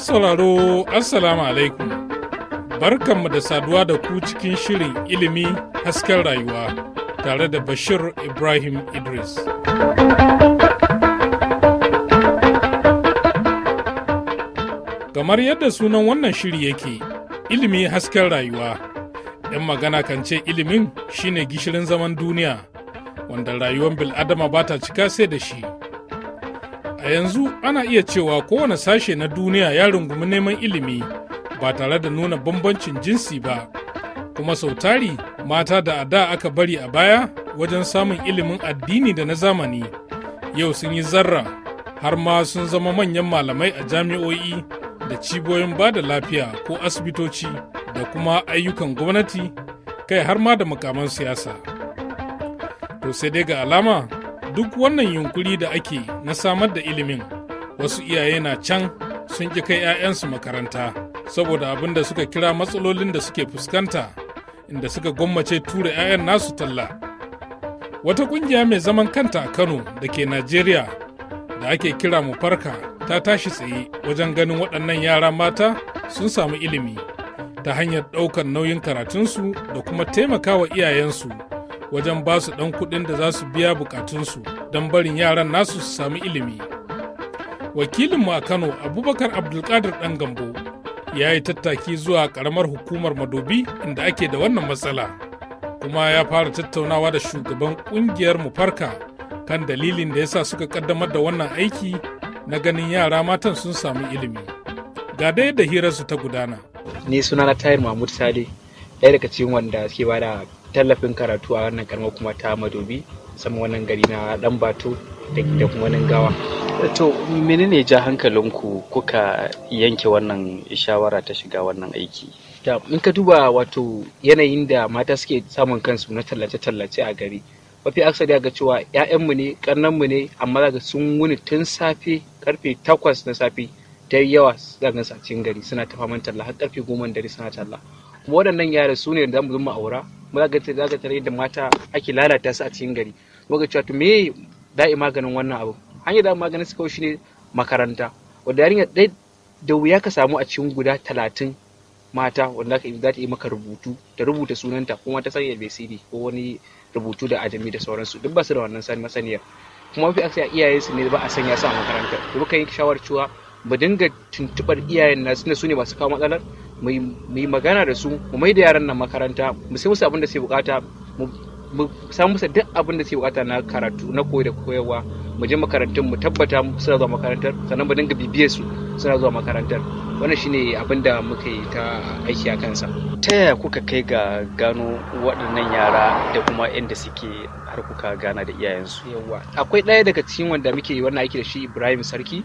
Masu sauraro, Assalamu alaikum. Barkanmu da saduwa da ku cikin shirin ilimi hasken rayuwa tare da Bashir Ibrahim Idris. Kamar yadda sunan wannan shiri yake, ilimi hasken rayuwa. ‘Yan magana kan ce ilimin shine gishirin zaman duniya, wanda rayuwar bil'adama ba ta cika sai da shi. A yanzu ana iya cewa kowane sashe na duniya ya rungumi neman ilimi ba tare da nuna bambancin jinsi ba, kuma sau tari mata da a da aka bari a baya wajen samun ilimin addini da na zamani yau sun yi zarra har ma sun zama manyan malamai a jami'o'i da cibiyoyin ba da lafiya ko asibitoci da kuma ayyukan gwamnati kai har ma da mukaman siyasa. To sai dai ga alama duk wannan yunkuri da ake na samar da ilimin wasu iyaye na can sun ƙi kai 'ya'yansu makaranta saboda abin da suka kira matsalolin da suke fuskanta inda suka gwammace tura 'ya'yan nasu talla wata ƙungiya mai zaman kanta a kano da ke najeriya da ake kira mu farka ta tashi tsaye wajen ganin waɗannan yara mata sun samu ilimi ta hanyar ɗaukar nauyin karatunsu da kuma taimakawa iyayensu wajen ba su ɗan kuɗin da za su biya bukatunsu don barin yaran nasu su sami ilimi wakilinmu a kano abubakar abdulkadir ɗan gambo ya yi tattaki zuwa ƙaramar hukumar madobi inda ake da wannan matsala kuma ya fara tattaunawa da shugaban ƙungiyar mu farka kan dalilin da yasa suka ƙaddamar da wannan aiki na ganin yara matan sun samu ilimi ga dai da hirarsu ta gudana ni sunana tayar mahmud sale ɗaya daga cikin wanda suke ba tallafin karatu a wannan karma kuma ta madobi sama wannan gari na dan bato da kuma nan gawa to menene ja hankalinku kuka yanke wannan shawara ta shiga wannan aiki da in ka duba wato yanayin da mata suke samun kansu na tallace-tallace a gari mafi aksari ga cewa 'ya'yanmu ne mu ne amma daga sun wuni tun safe karfe takwas na safe ta yawa zagan sa cikin gari suna ta faman talla har karfe goma dare suna talla kuma waɗannan yara su ne da mu aura za ka tare da mata ake lalata su a cikin gari muka cewa to me da'i maganin wannan abu hanyar da maganin su kawai shine makaranta wanda yarinya dai da wuya ka samu a cikin guda talatin mata wanda za ta yi maka rubutu ta rubuta sunanta kuma ta sanya abcd ko wani rubutu da ajami da sauransu duk ba su da wannan masaniyar kuma mafi aksa iyaye su ne ba a sanya su a makaranta to muka yi shawarar cewa mu dinga tuntubar iyayen nasu ne su ne masu kawo matsalar mu yi magana da su mu mai da yaran nan makaranta mu sai musu abin da suke bukata mu samu musu duk abin da suke bukata na karatu na koyi da koyarwa mu je makarantun mu tabbata suna zuwa makarantar sannan mu dinga bibiye su suna zuwa makarantar wannan shine abin da muka yi ta aiki a kansa ta yaya kuka kai ga gano waɗannan yara da kuma inda suke har kuka gana da iyayensu yawa akwai ɗaya daga cikin wanda muke yi wannan aiki da shi Ibrahim Sarki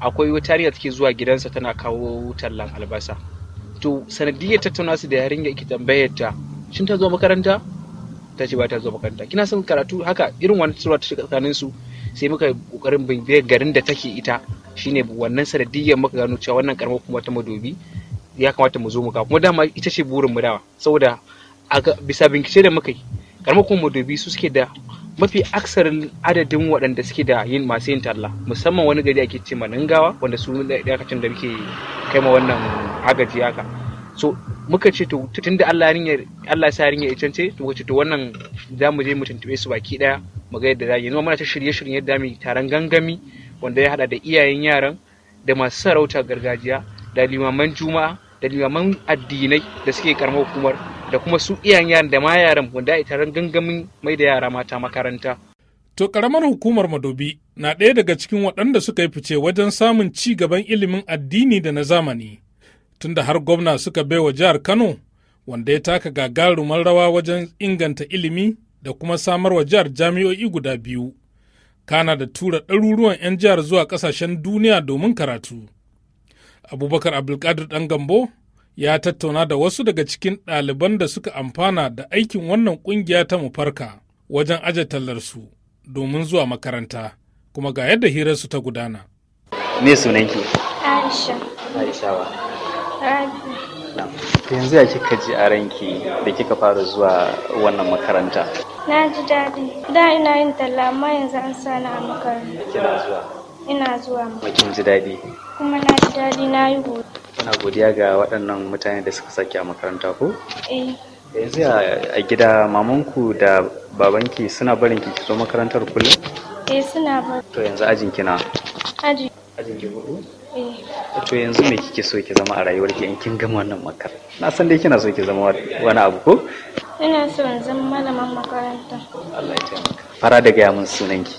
akwai wata da take zuwa gidansa tana kawo tallan albasa to sanadiyar tattauna su da yarinya ki tambayar ta shin ta zo makaranta ta ce ba ta zo makaranta kina son karatu haka irin wani tsura ta shiga tsakanin su sai muka kokarin bincike garin da take ita shine wannan sanadiyar muka gano cewa wannan karamar kuma ta madobi ya kamata mu zo mu kuma dama ita ce burin mu dawa saboda bisa bincike da muka yi karamar kuma madobi su suke da mafi aksarin adadin waɗanda suke da yin masu yin talla musamman wani gari ake ce manangawa wanda su dakacin da muke kai ma wannan agaji haka so muka ce to tun da Allah ya Allah sa ya cance to wace to wannan za mu je mu tuntube su baki daya mu ga yadda za yi muna ta shirye-shiryen yadda mu taron gangami wanda ya hada da iyayen yaran da masu sarauta gargajiya da limaman juma'a da limaman addinai da suke karamar hukumar da kuma su iyayen yaran da ma yaran wanda ita taron gangamin mai da yara mata makaranta. To karamar hukumar Madobi na ɗaya daga cikin waɗanda suka yi fice wajen samun ci gaban ilimin addini da na zamani, tunda har gwamna suka bai wa jihar Kano wanda ya taka gagarumar rawa wajen inganta ilimi da kuma samar wa jihar jami'o'i guda biyu. Kana da tura ɗaruruwan 'yan jihar zuwa ƙasashen duniya domin karatu. Abubakar Abdulkadir Ɗan Gambo ya tattauna da wasu daga cikin ɗaliban da suka amfana da aikin wannan ƙungiya ta mufarka wajen aje tallarsu domin zuwa makaranta kuma ga yadda hirarsu ta gudana. Me sunanki? Aisha. Aisha wa. Yanzu ya kika ji a ranki da kika fara zuwa wannan makaranta? Na ji daɗi. Da ina yin talla amma yanzu an sani a makaranta. Kina zuwa? Ina zuwa. Makin ji daɗi. Kuma na ji daɗi na yi hoto. kana godiya ga waɗannan mutane da suka saki a makaranta ko? Eh. Yanzu a gida mamanku da babanki suna barin ki zo makarantar kullum? Eh suna barin. To yanzu ajin kina? Aji. Ajin ki hudu? Eh. To yanzu me kike so ki zama a ki in kin gama wannan makar? Na san dai kina so ki zama wani abu ko? Ina so in zama malaman makaranta. Allah ya taimaka. Fara da gaya sunan ki.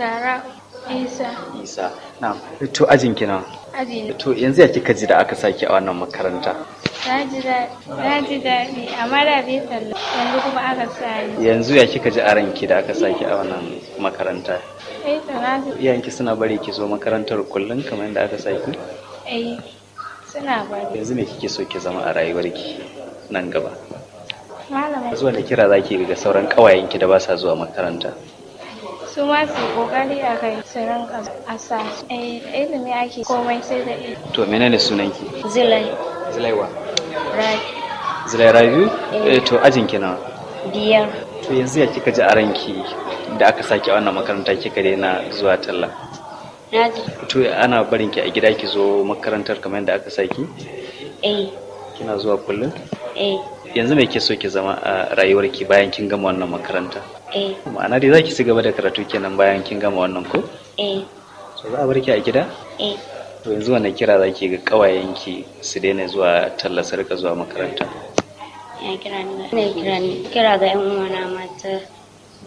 Zara. Isa. Isa. Na, to ajin kina. Ajin. To yanzu ya kika ji da aka saki a wannan makaranta? Na ji daɗi, amma da bai sallah. Yanzu kuma aka sani. Yanzu ya kika ji a ranki da aka saki a wannan makaranta? Eh, to Iyayenki suna bari ki zo makarantar kullum kamar yadda aka saki? Eh, suna bari. Yanzu me kike so ki zama a rayuwarki nan gaba? Malama. Zuwa da kira zaki daga sauran ƙawayenki da ba sa zuwa makaranta. su ma su kokari a kai su rinka a sa Eh, ilimi ake komai sai da ilimi to menene sunanki zilai wa? rabi zilai rabi eh. eh to ajin na biyar to yanzu ya kika ji a ranki da aka saki a wannan makaranta kika daina zuwa talla to ana barin ki a gida ki zo makarantar kamar yadda aka saki eh kina zuwa kullum eh yanzu me ke so ki zama a rayuwarki bayan kin gama wannan makaranta eh ma'ana dai ki ci gaba da karatu kenan bayan kin gama wannan ko eh so za a bar ki a gida eh to yanzu wannan kira za ki ga ƙawayenki su daina zuwa tallasar ka zuwa makaranta ya kira ni ne kira ni kira ga yan uwana mata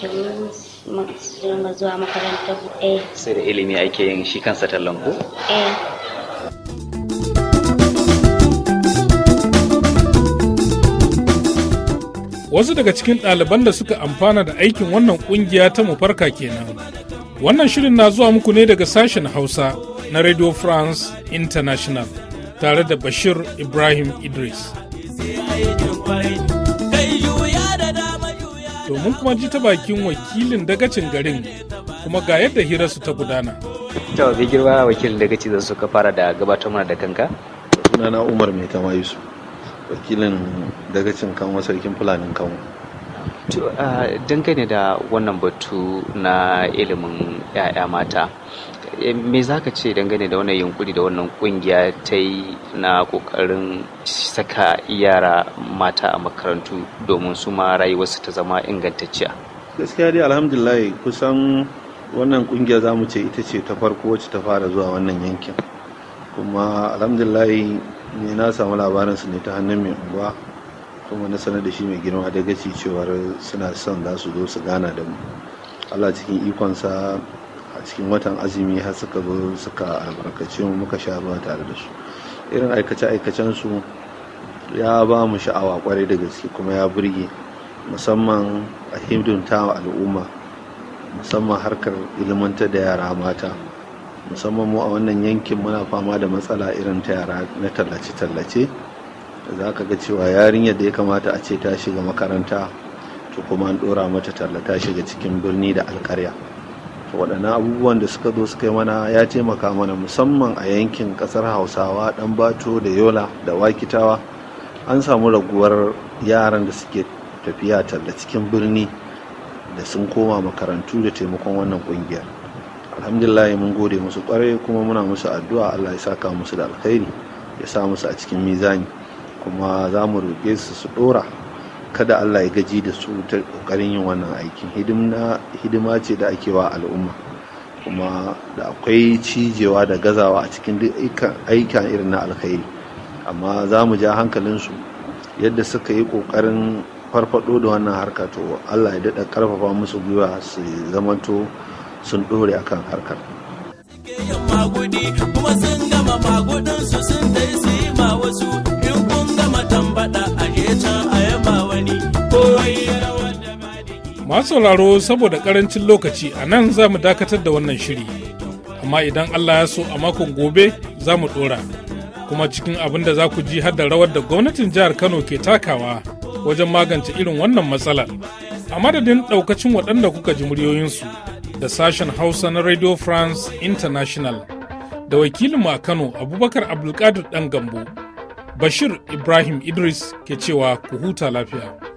domin su zuwa makaranta eh sai da ilimi ake yin shi kansa tallan ko eh wasu daga cikin ɗaliban da suka amfana da aikin wannan ƙungiya ta mafarka kenan wannan shirin na zuwa muku ne daga sashen hausa na radio france international tare da bashir ibrahim idris domin kuma ji ta bakin wakilin dagacin garin kuma ga yadda hirarsu ta gudana ta girma wakilin dagaci da suka fara da gabatar mana da kanka sunana umar mai kama yusuf wakilin dagacin kanwa sarkin fulanin kanwa to dangane da wannan batu na ilimin 'ya'ya mata eh, me za ka ce dangane da wannan yunkuri da wannan kungiya ta yi na kokarin saka yara mata a makarantu domin su ma rayuwarsu ta zama ingantacciya gaskiya dai alhamdulillah kusan wannan kungiya za mu ce ita ce ta farko wacce ta fara zuwa wannan yankin kuma alhamdulillahi ne na samu labarin su ne ta hannun mai unguwa kuma na sanar da shi mai girma da gaci cewar suna son za su zo su gana da mu allah cikin ikonsa a cikin watan azumi har suka zo suka albarkace mu muka sha ruwa tare da su irin aikace-aikacen su ya ba mu sha'awa kwarai da gaske kuma ya burge musamman a hidimta al'umma musamman harkar ilimantar da yara mata musamman mu a wannan yankin muna fama da matsala irin ta yara na tallace-tallace za ka ga cewa yarinyar da ya kamata a ce ta shiga makaranta to kuma an ɗora mata talla ta shiga cikin birni da alkarya waɗannan abubuwan da suka zo suka yi mana ya taimaka mana musamman a yankin ƙasar hausawa ɗan bato da yola da wakitawa an samu raguwar yaran da suke tafiya talla cikin birni da sun koma makarantu da taimakon wannan ƙungiyar alhamdulillah mun gode musu kwarai kuma muna musu addu'a Allah ya saka musu da alkhairi ya sa musu a cikin mizani kuma za mu roƙe su su ɗora kada Allah ya gaji da su ta ƙoƙarin yin wannan aikin hidima ce da ake wa al'umma kuma da akwai cijewa da gazawa a cikin duk aikin irin na alkhairi amma za mu ja su yadda suka yi ƙoƙarin farfado da wannan harka to Allah ya daɗa ƙarfafa musu gwiwa su zamanto sun ɗore a kan harkar. wani masu sauraro saboda karancin lokaci a nan za mu dakatar da wannan shiri amma idan allah ya so a makon gobe za mu ɗora kuma cikin abin da za ku ji har da rawar da gwamnatin jihar kano ke takawa wajen magance irin wannan matsalar a madadin ɗaukacin waɗanda kuka ji muryoyinsu da sashen Hausa na Radio France International da wakilinmu a Kano Abubakar Abdulkadir ɗan gambo. Bashir Ibrahim Idris ke cewa ku huta lafiya.